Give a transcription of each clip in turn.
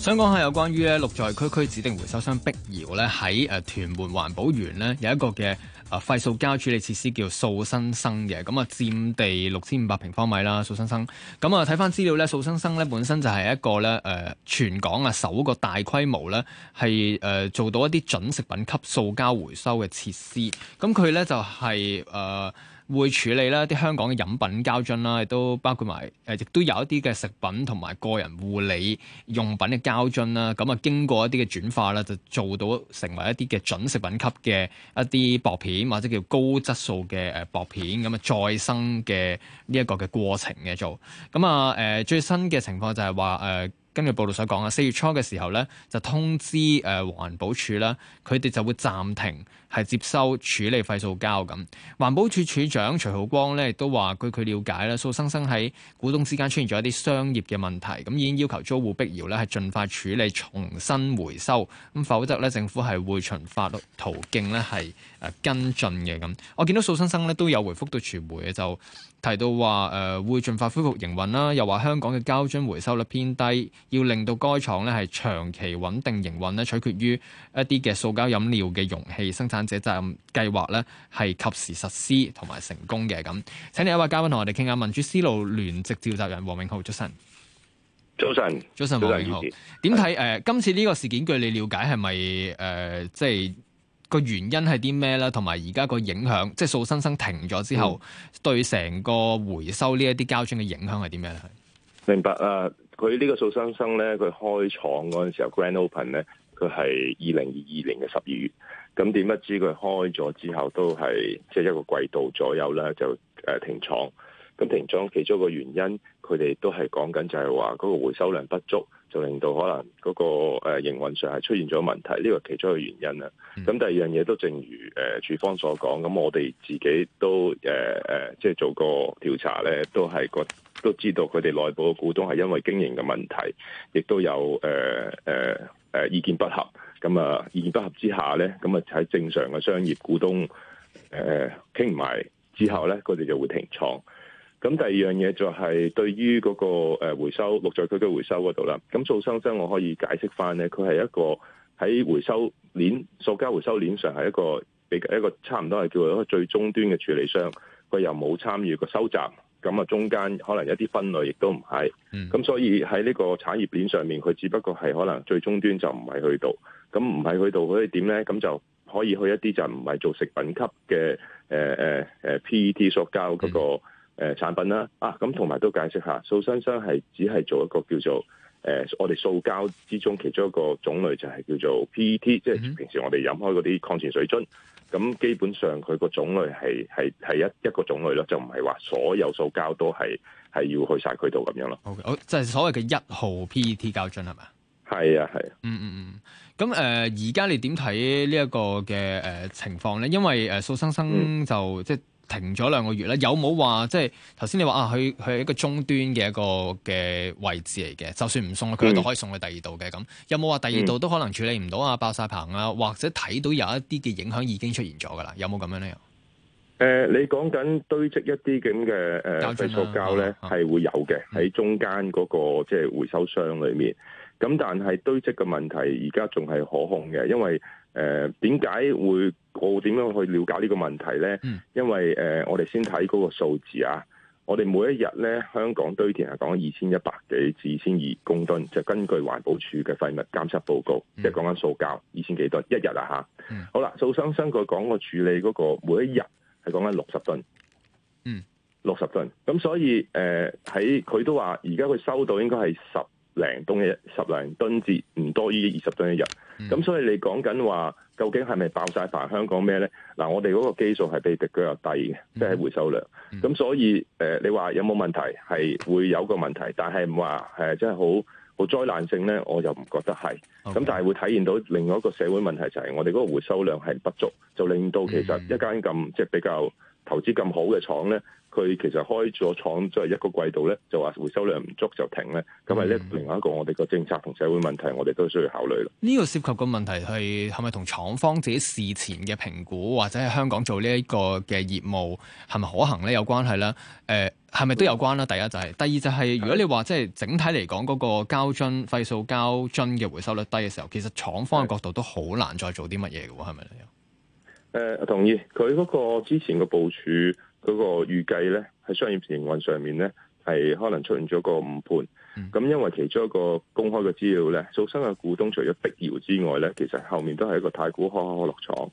想講下有關於咧綠在區區指定回收商碧瑤咧喺誒屯門環保園咧有一個嘅誒廢塑膠處理設施叫塑新生嘅，咁啊佔地六千五百平方米啦，塑新生。咁啊睇翻資料咧，塑新生咧本身就係一個咧誒全港啊首個大規模咧係誒做到一啲準食品級塑膠回收嘅設施，咁佢咧就係、是、誒。呃會處理啦，啲香港嘅飲品膠樽啦，亦都包括埋誒，亦都有一啲嘅食品同埋個人護理用品嘅膠樽啦。咁啊，經過一啲嘅轉化啦，就做到成為一啲嘅準食品級嘅一啲薄片，或者叫高質素嘅誒薄片咁啊，再生嘅呢一個嘅過程嘅做。咁啊誒，最新嘅情況就係話誒。今日報道所講啊，四月初嘅時候咧，就通知誒呃、環保署啦。佢哋就會暫停係接收處理廢塑膠咁。環保署署長徐浩光咧亦都話，據佢了解啦，塑新生喺股東之間出現咗一啲商業嘅問題，咁已經要求租戶碧瑤咧係盡快處理重新回收，咁否則咧政府係會循法律途徑咧係誒跟進嘅咁。我見到塑新生咧都有回覆到傳媒嘅，就提到話誒、呃、會盡快恢復營運啦，又話香港嘅膠樽回收率偏低。要令到該廠咧係長期穩定營運咧，取決於一啲嘅塑膠飲料嘅容器生產者責任計劃咧係及時實施同埋成功嘅咁。請你一位嘉賓同我哋傾下，民主思路聯席召集人黃頴灝，早晨。早晨，早晨，黃晨晨頴灝點睇？誒，今次呢個事件據你了解係咪誒，即係個原因係啲咩咧？同埋而家個影響，即係塑新生停咗之後，嗯、對成個回收呢一啲膠樽嘅影響係點樣咧？明白啊。佢呢個數生生咧，佢開廠嗰陣時候 Grand Open 咧，佢係二零二二年嘅十二月。咁點不知佢開咗之後，都係即係一個季度左右呢，就停廠。咁停廠其中一個原因，佢哋都係講緊就係話嗰個回收量不足，就令到可能嗰個營運上係出現咗問題，呢個其中一個原因啦。咁第二樣嘢都正如、呃、處方所講，咁我哋自己都即、呃、係做過調查咧，都係個。都知道佢哋內部嘅股東係因為經營嘅問題，亦都有誒誒誒意見不合。咁啊，意見不合之下咧，咁啊喺正常嘅商業股東誒傾埋之後咧，佢哋就會停廠。咁第二樣嘢就係對於嗰個回收綠在區區嘅回收嗰度啦。咁塑新生我可以解釋翻咧，佢係一個喺回收鏈塑膠回收鏈上係一個比一個差唔多係叫做一個最終端嘅處理商，佢又冇參與過收集。咁啊，中間可能一啲分類亦都唔係，咁、嗯、所以喺呢個產業鏈上面，佢只不過係可能最終端就唔係去到，咁唔係去到可以點咧？咁就可以去一啲就唔係做食品級嘅、呃呃、PET 塑膠嗰、那個、呃、產品啦。啊，咁同埋都解釋下，塑新生係只係做一個叫做、呃、我哋塑膠之中其中一個種類就係叫做 PET，即係平時我哋飲開嗰啲礦泉水樽。咁基本上佢個種類係係係一一個種類咯，就唔係話所有塑膠都係係要去晒佢度咁樣咯。好，即係所謂嘅一號 PET 膠樽係嘛？係啊係啊。嗯嗯、啊、嗯。咁誒而家你點睇呢一個嘅誒情況咧？因為誒塑、呃、新生就即係。嗯停咗兩個月咧，有冇話即係頭先你話啊？佢佢係一個終端嘅一個嘅位置嚟嘅，就算唔送咧，佢都可以送去第二度嘅咁。嗯、有冇話第二度都可能處理唔到啊？爆晒棚啊，或者睇到有一啲嘅影響已經出現咗噶啦？有冇咁樣咧？誒、呃，你講緊堆積一啲咁嘅誒廢塑膠咧，係會有嘅喺、啊、中間嗰、那個即係、就是、回收箱裏面。咁、嗯、但係堆積嘅問題而家仲係可控嘅，因為。誒，點解、呃、會我點樣去了解呢個問題咧？嗯、因為誒、呃，我哋先睇嗰個數字啊。我哋每一日咧，香港堆填係講緊二千一百幾至二千二公噸，就是、根據環保署嘅廢物監測報告，即係講緊塑膠二千幾噸，一日啊吓。嗯、好啦，塑新生佢講個處理嗰、嗰個每一日係講緊六十噸，嗯，六十噸。咁所以誒、喺、呃、佢都話而家佢收到應該係十。零噸嘅十零噸至唔多於二十噸一日。咁、嗯、所以你講緊話究竟係咪爆晒？凡香港咩咧？嗱，我哋嗰個基數係比別居入低嘅，即係、嗯、回收量。咁、嗯、所以誒、呃，你話有冇問題？係會有個問題，但係唔話係真係好好災難性咧，我又唔覺得係咁 Okay. 但係會體現到另外一個社會問題，就係我哋嗰個回收量係不足，就令到其實一間咁即係比較。投資咁好嘅廠咧，佢其實開咗廠，即係一個季度咧，就話回收量唔足就停咧。咁係咧，另外一個我哋個政策同社會問題，我哋都需要考慮咯。呢、嗯、個涉及個問題係，係咪同廠方自己事前嘅評估，或者喺香港做呢一個嘅業務係咪可行咧？有關係咧？呃，係咪都有關啦？對 第一就係、是，第二就係、是，如果你話即係整體嚟講嗰個膠樽廢塑膠樽嘅回收率低嘅時候，其實廠方嘅角度都好難再做啲乜嘢嘅喎，係咪？誒同意，佢嗰個之前嘅部署嗰個預計咧，喺商業營運上面咧，係可能出現咗個誤判。咁因為其中一個公開嘅資料咧，塑新生嘅股東除咗碧瑤之外咧，其實後面都係一個太古可可可樂廠。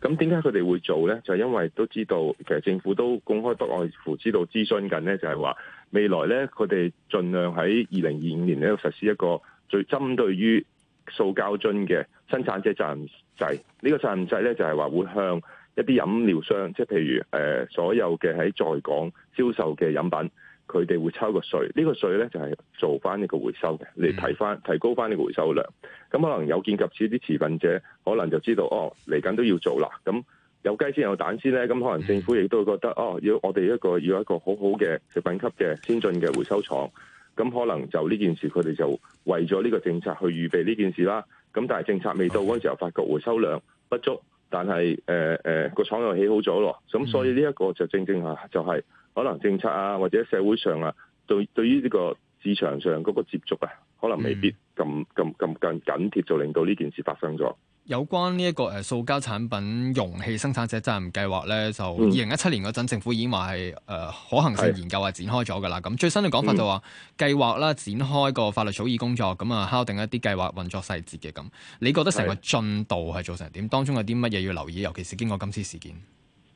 咁點解佢哋會做咧？就是，因為都知道，其實政府都公開不外乎知道諮詢緊咧，就係話未來咧，佢哋盡量喺二零二五年咧實施一個最針對於塑膠樽嘅生產者責任。呢、這個責任制咧，就係話會向一啲飲料商，即係譬如誒、呃、所有嘅喺在，在港銷售嘅飲品，佢哋會抽個稅。呢、這個稅咧就係做翻呢個回收嘅，嚟提翻提高翻呢個回收量。咁、嗯、可能有見及此啲持份者，可能就知道哦，嚟緊都要做啦。咁有雞先有蛋先咧，咁可能政府亦都會覺得哦，要我哋一個要一個，要一個很好好嘅食品級嘅先進嘅回收廠。咁可能就呢件事，佢哋就為咗呢個政策去預備呢件事啦。咁但係政策未到嗰時候，發覺回收量不足，但係誒誒、個廠又起好咗咯。咁所以呢一個就正正吓、啊、就係、是、可能政策啊，或者社會上啊，對對於呢個市場上嗰個接觸啊，可能未必咁咁咁緊貼，嗯、就令到呢件事發生咗。有關呢一個誒塑膠產品容器生產者責任計劃咧，就二零一七年嗰陣政府已經話係誒可行性研究係展開咗嘅啦。咁的最新嘅講法就話計劃啦展開個法律草擬工作，咁啊、嗯、敲定一啲計劃運作細節嘅咁。你覺得成個進度係做成點？當中有啲乜嘢要留意？尤其是經過今次事件。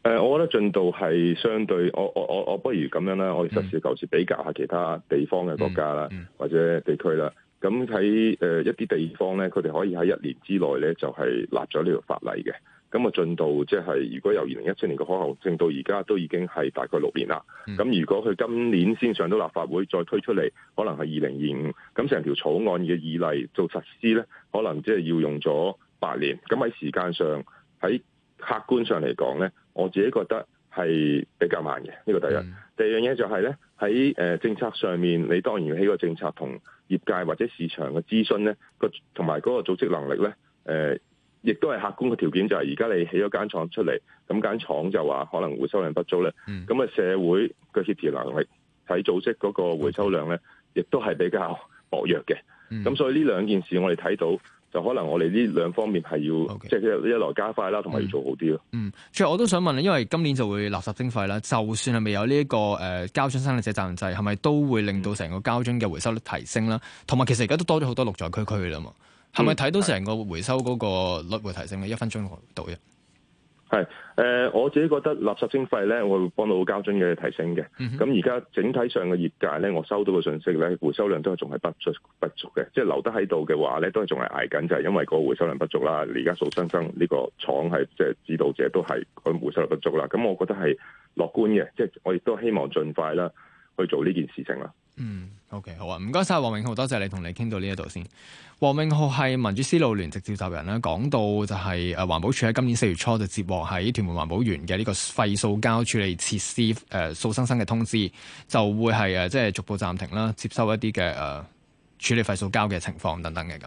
誒、呃，我覺得進度係相對，我我我我不如咁樣啦，我哋實事求是比較下其他地方嘅國家啦，嗯嗯、或者地區啦。咁喺誒一啲地方咧，佢哋可以喺一年之內咧，就係、是、立咗呢條法例嘅。咁啊進度即係、就是、如果由二零一七年嘅可行性到而家，都已經係大概六年啦。咁、嗯、如果佢今年先上到立法會，再推出嚟，可能係二零二五。咁成條草案嘅以例做實施咧，可能即係要用咗八年。咁喺時間上，喺客觀上嚟講咧，我自己覺得係比較慢嘅。呢、這個第一，嗯、第二樣嘢就係咧。喺誒政策上面，你當然要起個政策同業界或者市場嘅諮詢咧，個同埋嗰個組織能力咧，誒、呃，亦都係客觀嘅條件。就係而家你起咗間廠出嚟，咁間廠就話可能回收量不足咧。咁啊、嗯，那社會嘅協調能力喺組織嗰個回收量咧，亦都係比較薄弱嘅。咁、嗯、所以呢兩件事，我哋睇到。就可能我哋呢兩方面係要，Okay. 即係一來加快啦，同埋要做好啲咯、嗯。嗯，最後我都想問咧，因為今年就會垃圾徵費啦，就算係未有呢、這、一個誒、呃、膠樽生產者責任制，係咪都會令到成個膠樽嘅回收率提升啦？同埋其實而家都多咗好多綠在區區啦嘛，係咪睇到成個回收嗰個率會提升咧？嗯、一分鐘到讀嘅。係，誒、呃、我自己覺得垃圾徵費咧，我會幫到膠樽嘅提升嘅。咁而家整體上嘅業界咧，我收到嘅信息咧，回收量都係仲係不足不足嘅，即係留得喺度嘅話咧，都係仲係捱緊，就係、是、因為個回收量不足啦。而家塑新生呢個廠係即係指導者都係佢回收量不足啦。咁我覺得係樂觀嘅，即係我亦都希望盡快啦去做呢件事情啦。嗯，OK，好啊，唔該晒，黃頴灝，多謝，謝你同你傾到呢一度先。黃頴灝係民主思路聯席召集人啦，講到就係誒，環保署喺今年四月初就接獲喺屯門環保園嘅呢個廢塑膠處理設施誒、塑新生嘅通知，就會係誒、呃、即係逐步暫停啦，接收一啲嘅誒處理廢塑膠嘅情況等等嘅咁。